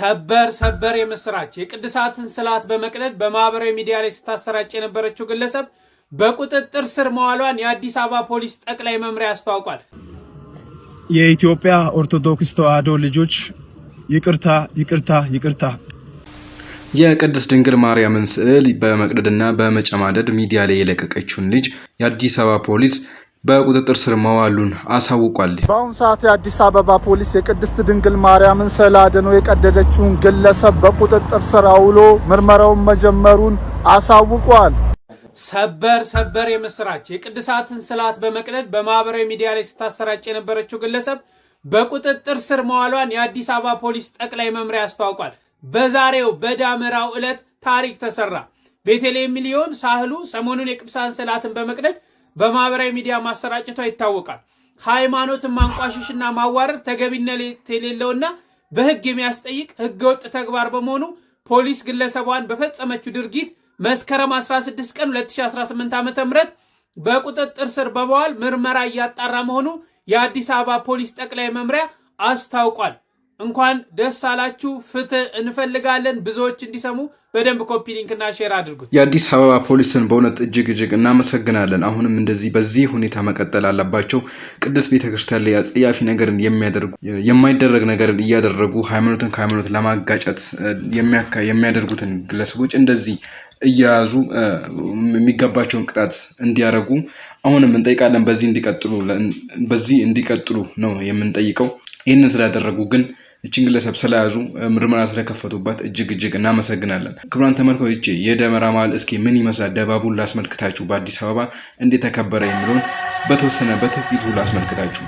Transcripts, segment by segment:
ሰበር ሰበር የምስራች! የቅድሳትን ስዕላት በመቅደድ በማህበራዊ ሚዲያ ላይ ስታሰራጭ የነበረችው ግለሰብ በቁጥጥር ስር መዋሏን የአዲስ አበባ ፖሊስ ጠቅላይ መምሪያ አስታውቋል። የኢትዮጵያ ኦርቶዶክስ ተዋሕዶ ልጆች ይቅርታ፣ ይቅርታ፣ ይቅርታ። የቅድስት ድንግል ማርያምን ስዕል በመቅደድና በመጨማደድ ሚዲያ ላይ የለቀቀችውን ልጅ የአዲስ አበባ ፖሊስ በቁጥጥር ስር መዋሉን አሳውቋል። በአሁኑ ሰዓት የአዲስ አበባ ፖሊስ የቅድስት ድንግል ማርያምን ስዕለ አድኖ የቀደደችውን ግለሰብ በቁጥጥር ስር አውሎ ምርመራውን መጀመሩን አሳውቋል። ሰበር ሰበር የምስራች! የቅድሳትን ስዕላት በመቅደድ በማህበራዊ ሚዲያ ላይ ስታሰራጭ የነበረችው ግለሰብ በቁጥጥር ስር መዋሏን የአዲስ አበባ ፖሊስ ጠቅላይ መምሪያ አስታውቋል። በዛሬው በዳመራው ዕለት ታሪክ ተሰራ። ቤተልሔም ሚሊዮን ሳህሉ ሰሞኑን የቅዱሳን ስዕላትን በመቅደድ በማህበራዊ ሚዲያ ማሰራጨቷ ይታወቃል። ሃይማኖት ማንቋሸሽና ማዋረድ ተገቢነት የሌለውና በህግ የሚያስጠይቅ ህገወጥ ተግባር በመሆኑ ፖሊስ ግለሰቧን በፈጸመችው ድርጊት መስከረም 16 ቀን 2018 ዓ.ም በቁጥጥር ስር በመዋል ምርመራ እያጣራ መሆኑ የአዲስ አበባ ፖሊስ ጠቅላይ መምሪያ አስታውቋል። እንኳን ደስ አላችሁ። ፍትህ እንፈልጋለን። ብዙዎች እንዲሰሙ በደንብ ኮፒ ሊንክና ሼር አድርጉት። የአዲስ አበባ ፖሊስን በእውነት እጅግ እጅግ እናመሰግናለን። አሁንም እንደዚህ በዚህ ሁኔታ መቀጠል አለባቸው። ቅድስት ቤተክርስቲያን ላይ አጸያፊ ነገርን የሚያደርጉ የማይደረግ ነገርን እያደረጉ ሃይማኖትን ከሃይማኖት ለማጋጨት የሚያደርጉትን ግለሰቦች እንደዚህ እየያዙ የሚገባቸውን ቅጣት እንዲያደርጉ አሁንም እንጠይቃለን። በዚህ እንዲቀጥሉ በዚህ እንዲቀጥሉ ነው የምንጠይቀው። ይህንን ስላደረጉ ግን እችን ግለሰብ ስለያዙ ምርመራ ስለከፈቱባት እጅግ እጅግ እናመሰግናለን። ክቡራን ተመልካቾች የደመራ በዓል እስኪ ምን ይመስላል ደባቡን ላስመልክታችሁ፣ በአዲስ አበባ እንዴት ተከበረ የሚለውን በተወሰነ በጥቂቱ ላስመልክታችሁ።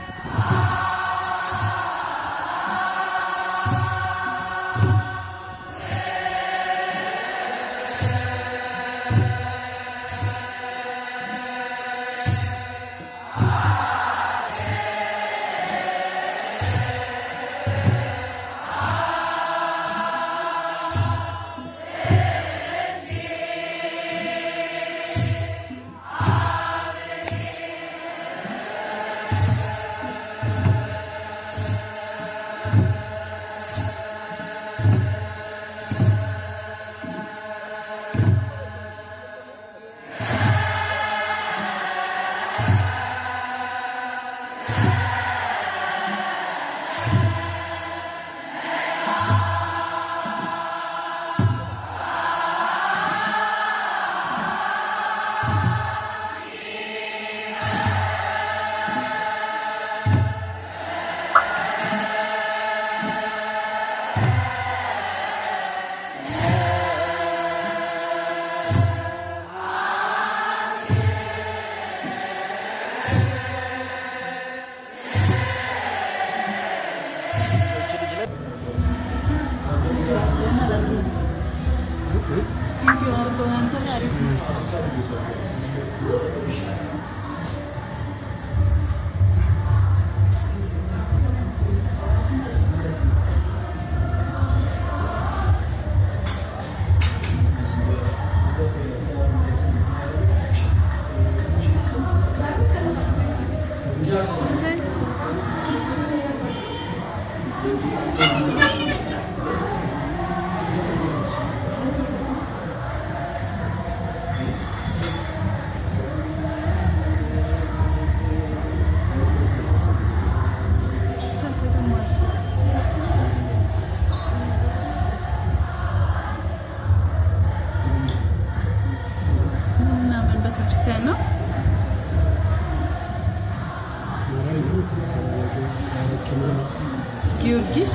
동안 통화를 Thank you. ቤተክርስቲያን ነው። ጊዮርጊስ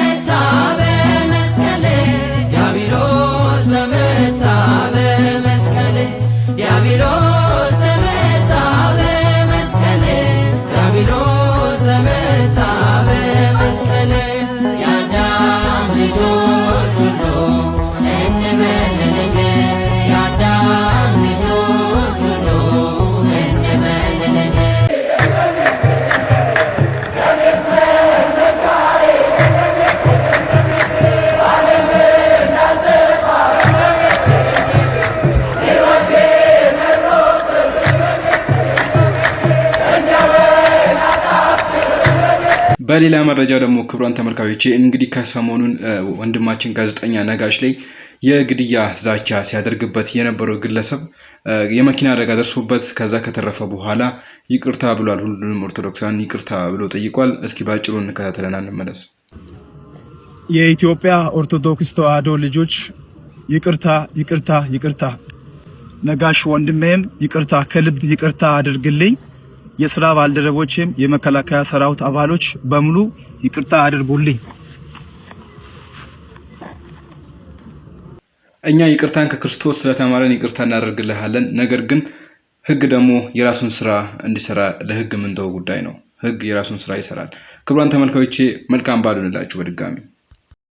በሌላ መረጃ ደግሞ ክቡራን ተመልካቾቼ እንግዲህ ከሰሞኑን ወንድማችን ጋዜጠኛ ነጋሽ ላይ የግድያ ዛቻ ሲያደርግበት የነበረው ግለሰብ የመኪና አደጋ ደርሶበት ከዛ ከተረፈ በኋላ ይቅርታ ብሏል። ሁሉንም ኦርቶዶክሳን ይቅርታ ብሎ ጠይቋል። እስኪ በአጭሩ እንከታተለና እንመለስ። የኢትዮጵያ ኦርቶዶክስ ተዋህዶ ልጆች ይቅርታ፣ ይቅርታ፣ ይቅርታ። ነጋሽ ወንድሜም ይቅርታ፣ ከልብ ይቅርታ አድርግልኝ የስራ ባልደረቦችም የመከላከያ ሰራዊት አባሎች በሙሉ ይቅርታ አድርጉልኝ። እኛ ይቅርታን ከክርስቶስ ስለተማረን ይቅርታ እናደርግልሃለን። ነገር ግን ህግ ደግሞ የራሱን ስራ እንዲሰራ ለህግ የምንተው ጉዳይ ነው። ህግ የራሱን ስራ ይሰራል። ክቡራን ተመልካዮቼ መልካም በዓል በድጋሚ